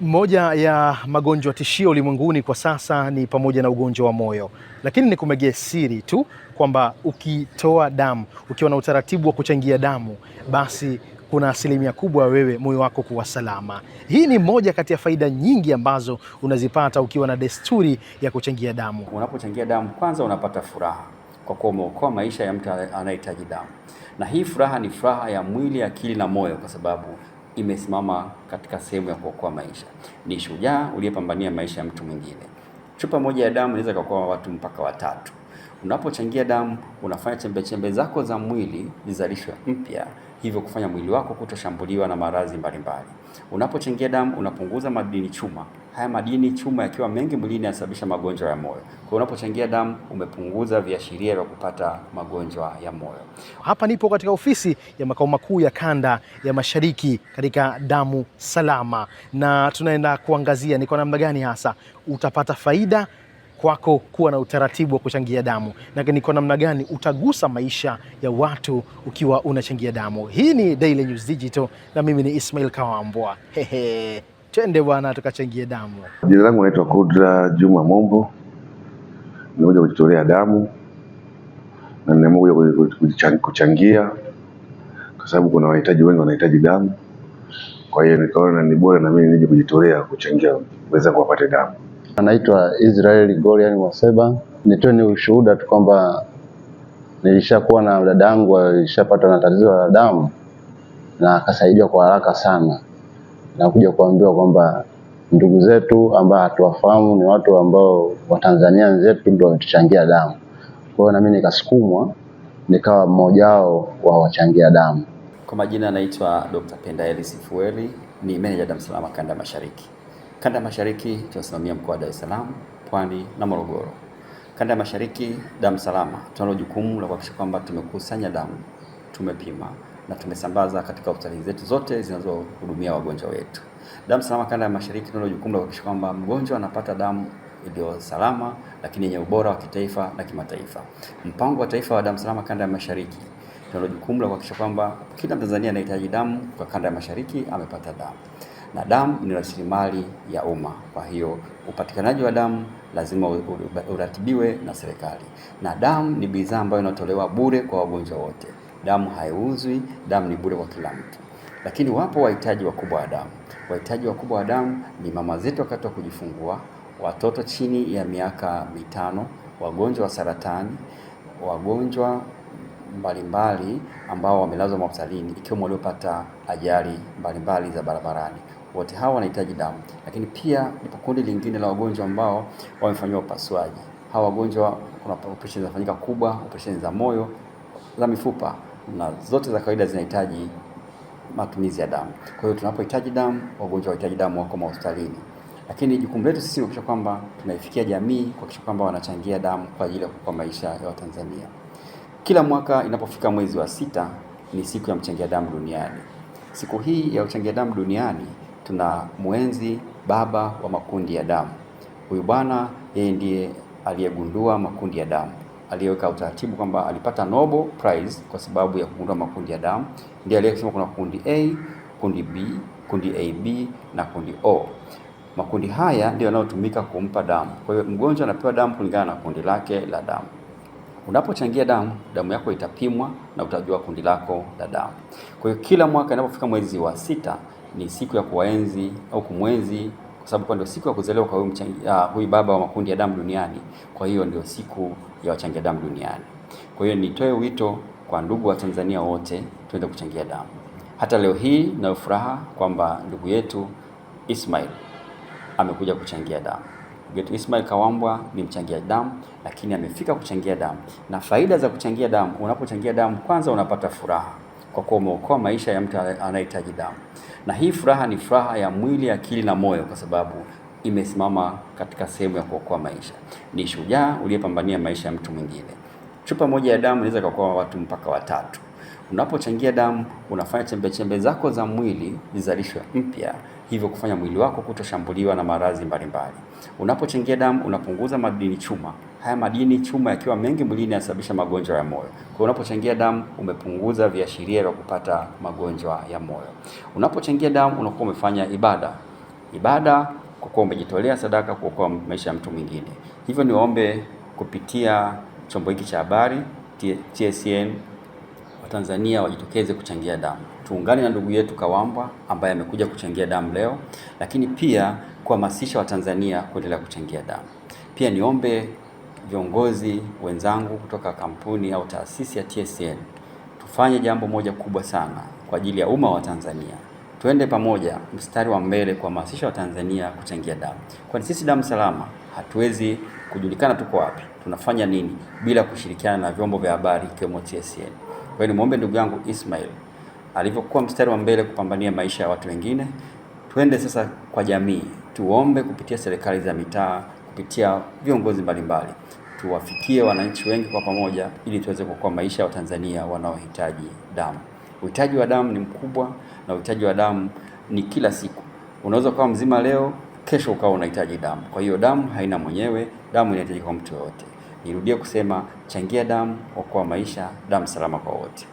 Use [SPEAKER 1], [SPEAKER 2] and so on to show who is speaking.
[SPEAKER 1] Moja ya magonjwa tishio ulimwenguni kwa sasa ni pamoja na ugonjwa wa moyo, lakini nikumegee siri tu kwamba ukitoa damu, ukiwa na utaratibu wa kuchangia damu, basi kuna asilimia kubwa ya wewe moyo wako kuwa salama. Hii ni moja kati ya faida nyingi ambazo unazipata ukiwa na desturi ya kuchangia damu.
[SPEAKER 2] Unapochangia damu, kwanza unapata furaha kwa kuwa umeokoa maisha ya mtu anayehitaji damu, na hii furaha ni furaha ya mwili, akili na moyo, kwa sababu imesimama katika sehemu ya kuokoa maisha. Ni shujaa uliyepambania maisha ya mtu mwingine. Chupa moja ya damu inaweza kuokoa watu mpaka watatu. Unapochangia damu, unafanya chembe chembe zako za mwili zizalishwe mpya hivyo kufanya mwili wako kutoshambuliwa na maradhi mbalimbali. Unapochangia damu, unapunguza madini chuma. Haya madini chuma yakiwa mengi mwilini yanasababisha magonjwa ya moyo. Kwa hiyo unapochangia damu, umepunguza viashiria vya kupata magonjwa ya moyo.
[SPEAKER 1] Hapa nipo katika ofisi ya makao makuu ya kanda ya Mashariki katika Damu Salama, na tunaenda kuangazia ni kwa namna gani hasa utapata faida kwako kuwa na utaratibu wa kuchangia damu na ni kwa namna gani utagusa maisha ya watu ukiwa unachangia damu. Hii ni Daily News Digital na mimi ni Ismail Kawambwa. Hehe, twende bwana tukachangie damu.
[SPEAKER 3] Jina langu naitwa Kudra Juma Mombo, nimekuja kujitolea damu na nimekuja kuchangia kwa sababu kuna wahitaji wengi wanahitaji damu. Kwa hiyo nikaona ni bora na mimi nije kujitolea kuchangia wenzangu wapate damu.
[SPEAKER 4] Anaitwa Israel Gorian Mwaseba. Nitoe ni ushuhuda tu kwamba nilishakuwa na dada yangu alishapata na tatizo la damu na akasaidiwa kwa haraka sana, na kuja kuambiwa kwamba ndugu zetu ambao hatuwafahamu ni watu ambao Watanzania wenzetu ndio wametuchangia damu. Kwa hiyo na mimi nikasukumwa nikawa mmoja wao wa wachangia damu.
[SPEAKER 5] Kwa majina anaitwa Dr. Pendaeli Sifueli, ni meneja damu salama kanda Mashariki. Kanda ya Mashariki tunasimamia mkoa wa Dar es Salaam, Pwani na Morogoro. Kanda ya Mashariki, damu salama, tunalo jukumu la kuhakikisha kwamba tumekusanya damu, tumepima na tumesambaza katika hospitali zetu zote zinazohudumia wagonjwa wetu. Damu salama kanda ya Mashariki tunalo jukumu la kuhakikisha kwamba mgonjwa anapata damu iliyo salama lakini yenye ubora wa kitaifa na kimataifa. Mpango wa Taifa wa Damu Salama Kanda ya Mashariki tunalo jukumu la kuhakikisha kwamba kila Mtanzania anahitaji damu kwa kanda ya Mashariki amepata damu na damu ni rasilimali ya umma. Kwa hiyo upatikanaji wa damu lazima uratibiwe na serikali, na damu ni bidhaa ambayo inatolewa bure kwa wagonjwa wote. Damu haiuzwi, damu ni bure kwa kila mtu. Lakini wapo wahitaji wakubwa wa damu. Wahitaji wakubwa wa damu ni mama zetu wakati wa kujifungua, watoto chini ya miaka mitano, wagonjwa wa saratani, wagonjwa mbalimbali ambao wamelazwa mahospitalini ikiwemo waliopata ajali mbalimbali za barabarani wote hawa wanahitaji damu. Lakini pia lipo kundi lingine la wagonjwa ambao wamefanyiwa upasuaji. Hawa wagonjwa kuna operesheni zinafanyika kubwa, operesheni za moyo, za mifupa na zote za kawaida zinahitaji matumizi ya damu. Kwa hiyo tunapohitaji damu, wagonjwa wanahitaji damu wako mahospitalini. Lakini jukumu letu sisi ni kuhakikisha kwamba tunaifikia jamii, kuhakikisha kwamba wanachangia damu kwa ajili ya kuokoa maisha ya Watanzania. Kila mwaka inapofika mwezi wa sita ni siku ya mchangia damu duniani. Siku hii ya uchangia damu duniani tuna mwenzi baba wa makundi ya damu. Huyu bwana yeye ndiye aliyegundua makundi ya damu, aliyeweka utaratibu kwamba alipata Nobel Prize kwa sababu ya kugundua makundi ya damu. Ndiye aliyesema kuna kundi A, kundi B, kundi AB na kundi O. Makundi haya ndio yanayotumika kumpa damu. Kwa hiyo mgonjwa anapewa damu kulingana na kundi lake la damu. Unapochangia damu, damu yako itapimwa na utajua kundi lako la damu. Kwa hiyo kila mwaka inapofika mwezi wa sita ni siku ya kuwaenzi au kumwenzi kwa sababu ndio siku ya kuzaliwa kwa ah, huyu baba wa makundi ya damu duniani. Kwa hiyo ndio siku ya wachangia damu duniani. Kwa hiyo nitoe wito kwa ndugu wa Tanzania wote tuende kuchangia damu. Hata leo hii na furaha kwamba ndugu yetu Ismail amekuja kuchangia damu. Ndugu yetu Ismail Kawambwa ni mchangia damu, lakini amefika kuchangia damu, na faida za kuchangia damu, unapochangia damu kwanza unapata furaha kwa kuwa umeokoa maisha ya mtu anayehitaji damu. Na hii furaha ni furaha ya mwili, akili na moyo, kwa sababu imesimama katika sehemu ya kuokoa maisha. Ni shujaa uliyepambania maisha ya mtu mwingine. Chupa moja ya damu inaweza kuokoa watu mpaka watatu. Unapochangia damu unafanya chembe chembe zako za mwili zizalishwe mpya, hivyo kufanya mwili wako kutoshambuliwa na maradhi mbalimbali. Unapochangia damu unapunguza madini chuma. Haya madini chuma yakiwa mengi mwilini yanasababisha magonjwa ya moyo. Kwa hiyo unapochangia damu umepunguza viashiria vya kupata magonjwa ya moyo. Unapochangia damu unakuwa umefanya ibada, ibada kwa kuwa umejitolea sadaka kuokoa maisha ya mtu mwingine. Hivyo niombe kupitia chombo hiki cha habari TSN Tanzania wajitokeze kuchangia damu. Tuungane na ndugu yetu Kawambwa ambaye amekuja kuchangia damu leo, lakini pia kuhamasisha Watanzania kuendelea kuchangia damu. Pia niombe viongozi wenzangu kutoka kampuni au taasisi ya TSN tufanye jambo moja kubwa sana kwa ajili ya umma wa Tanzania. Tuende pamoja mstari wa mbele kuhamasisha Watanzania kuchangia damu, kwani sisi damu salama hatuwezi kujulikana tuko wapi, tunafanya nini bila kushirikiana na vyombo vya habari ikiwemo TSN. Kwa hiyo nimwombe ndugu yangu Ismail alivyokuwa mstari wa mbele kupambania maisha ya watu wengine, twende sasa kwa jamii, tuombe kupitia serikali za mitaa, kupitia viongozi mbalimbali, tuwafikie wananchi wengi kwa pamoja, ili tuweze kuokoa maisha ya Watanzania wanaohitaji damu. Uhitaji wa damu ni mkubwa, na uhitaji wa damu ni kila siku. Unaweza ukawa mzima leo, kesho ukawa unahitaji damu. Kwa hiyo damu haina mwenyewe, damu inahitajika kwa mtu yoyote. Nirudie kusema, changia damu, okoa maisha, damu salama kwa wote.